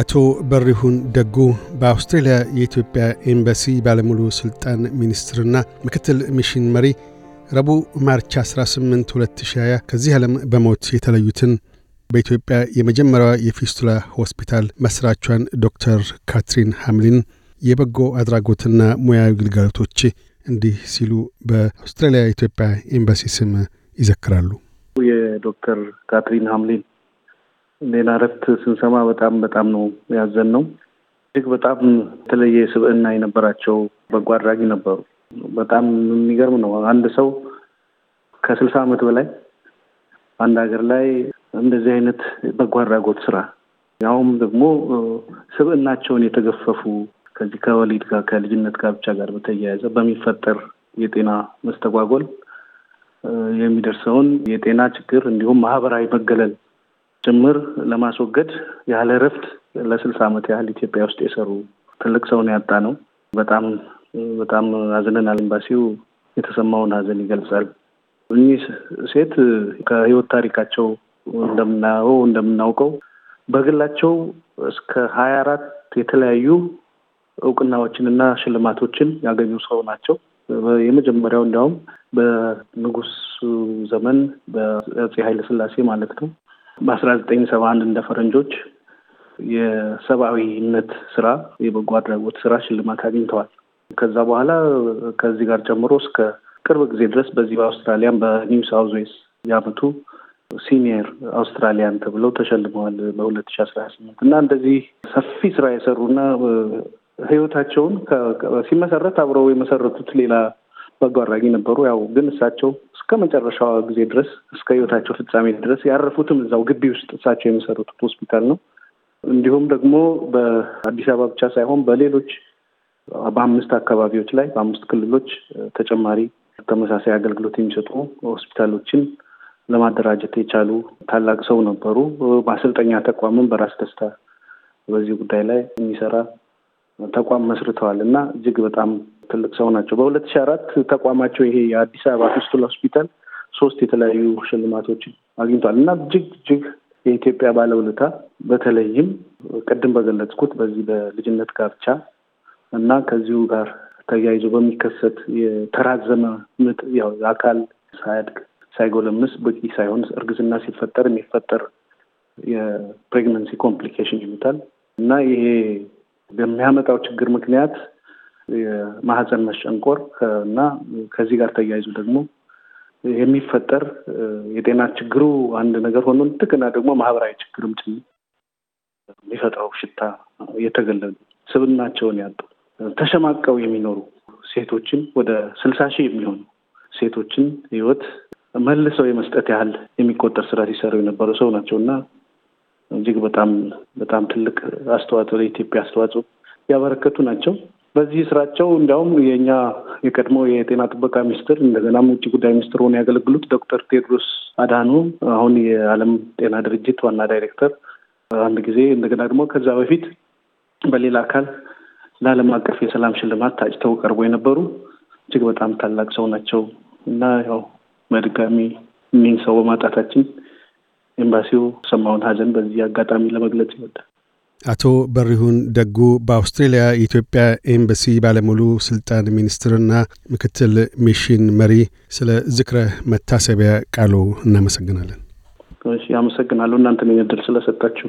አቶ በሪሁን ደጉ በአውስትሬልያ የኢትዮጵያ ኤምባሲ ባለሙሉ ሥልጣን ሚኒስትርና ምክትል ሚሽን መሪ ረቡዕ ማርች 18 2020 ከዚህ ዓለም በሞት የተለዩትን በኢትዮጵያ የመጀመሪያዋ የፊስቱላ ሆስፒታል መስራቿን ዶክተር ካትሪን ሐምሊን የበጎ አድራጎትና ሙያዊ ግልጋሎቶች እንዲህ ሲሉ በአውስትራሊያ ኢትዮጵያ ኤምባሲ ስም ይዘክራሉ። የዶክተር ካትሪን ሐምሊን ሌላ እረፍት ስንሰማ በጣም በጣም ነው ያዘን ነው። እጅግ በጣም የተለየ ስብዕና የነበራቸው በጎ አድራጊ ነበሩ። በጣም የሚገርም ነው። አንድ ሰው ከስልሳ ዓመት በላይ አንድ ሀገር ላይ እንደዚህ አይነት በጎ አድራጎት ስራ ያውም ደግሞ ስብዕናቸውን የተገፈፉ ከዚህ ከወሊድ ጋር ከልጅነት ጋብቻ ጋር በተያያዘ በሚፈጠር የጤና መስተጓጎል የሚደርሰውን የጤና ችግር እንዲሁም ማህበራዊ መገለል ጭምር ለማስወገድ ያለ እረፍት ለስልሳ ዓመት ያህል ኢትዮጵያ ውስጥ የሰሩ ትልቅ ሰውን ያጣ ነው። በጣም በጣም አዝነናል። ኤምባሲው የተሰማውን ሀዘን ይገልጻል። እኚህ ሴት ከህይወት ታሪካቸው እንደምናየው እንደምናውቀው በግላቸው እስከ ሀያ አራት የተለያዩ እውቅናዎችን እና ሽልማቶችን ያገኙ ሰው ናቸው። የመጀመሪያው እንዲያውም በንጉስ ዘመን በአፄ ኃይለስላሴ ማለት ነው በአስራ ዘጠኝ ሰባ አንድ እንደ ፈረንጆች የሰብአዊነት ስራ የበጎ አድራጎት ስራ ሽልማት አግኝተዋል። ከዛ በኋላ ከዚህ ጋር ጨምሮ እስከ ቅርብ ጊዜ ድረስ በዚህ በአውስትራሊያን በኒው ሳውዝ ዌልስ የአመቱ ሲኒየር አውስትራሊያን ተብለው ተሸልመዋል በሁለት ሺ አስራ ስምንት እና እንደዚህ ሰፊ ስራ የሰሩና ህይወታቸውን ሲመሰረት አብረው የመሰረቱት ሌላ በጎ አድራጊ ነበሩ። ያው ግን እሳቸው እስከ መጨረሻዋ ጊዜ ድረስ እስከ ህይወታቸው ፍጻሜ ድረስ ያረፉትም እዛው ግቢ ውስጥ እሳቸው የመሰረቱት ሆስፒታል ነው። እንዲሁም ደግሞ በአዲስ አበባ ብቻ ሳይሆን በሌሎች በአምስት አካባቢዎች ላይ በአምስት ክልሎች ተጨማሪ ተመሳሳይ አገልግሎት የሚሰጡ ሆስፒታሎችን ለማደራጀት የቻሉ ታላቅ ሰው ነበሩ። በአሰልጠኛ ተቋምም በራስ ደስታ በዚህ ጉዳይ ላይ የሚሰራ ተቋም መስርተዋል እና እጅግ በጣም ትልቅ ሰው ናቸው። በሁለት ሺ አራት ተቋማቸው ይሄ የአዲስ አበባ ፊስቱላ ሆስፒታል ሶስት የተለያዩ ሽልማቶችን አግኝቷል እና እጅግ እጅግ የኢትዮጵያ ባለውለታ በተለይም ቅድም በገለጽኩት በዚህ በልጅነት ጋብቻ እና ከዚሁ ጋር ተያይዞ በሚከሰት የተራዘመ ምጥ ያው አካል ሳያድግ ሳይጎለምስ በቂ ሳይሆን እርግዝና ሲፈጠር የሚፈጠር የፕሬግነንሲ ኮምፕሊኬሽን ይሉታል እና ይሄ በሚያመጣው ችግር ምክንያት የማህፀን መሸንቆር እና ከዚህ ጋር ተያይዞ ደግሞ የሚፈጠር የጤና ችግሩ አንድ ነገር ሆኖ እንደገና ደግሞ ማህበራዊ ችግርም ጭ የሚፈጥረው ሽታ የተገለሉ ስብናቸውን ያጡ ተሸማቀው የሚኖሩ ሴቶችን ወደ ስልሳ ሺህ የሚሆኑ ሴቶችን ህይወት መልሰው የመስጠት ያህል የሚቆጠር ስራ ሲሰሩ የነበሩ ሰው ናቸው እና እጅግ በጣም በጣም ትልቅ አስተዋጽኦ ለኢትዮጵያ አስተዋጽኦ ያበረከቱ ናቸው። በዚህ ስራቸው እንዲያውም የእኛ የቀድሞ የጤና ጥበቃ ሚኒስትር እንደገናም ውጭ ጉዳይ ሚኒስትር ሆነው ያገለግሉት ዶክተር ቴድሮስ አድሃኖም አሁን የዓለም ጤና ድርጅት ዋና ዳይሬክተር አንድ ጊዜ እንደገና ደግሞ ከዛ በፊት በሌላ አካል ለዓለም አቀፍ የሰላም ሽልማት ታጭተው ቀርቦ የነበሩ እጅግ በጣም ታላቅ ሰው ናቸው እና ያው መድጋሚ እኒህን ሰው በማጣታችን ኤምባሲው ሰማውን ሀዘን በዚህ አጋጣሚ ለመግለጽ ይወዳል። አቶ በሪሁን ደጉ በአውስትሬልያ የኢትዮጵያ ኤምባሲ ባለሙሉ ስልጣን ሚኒስትርና ምክትል ሚሽን መሪ፣ ስለ ዝክረ መታሰቢያ ቃሉ እናመሰግናለን። እሺ፣ አመሰግናለሁ ነኝ እድል ስለሰጣችሁ።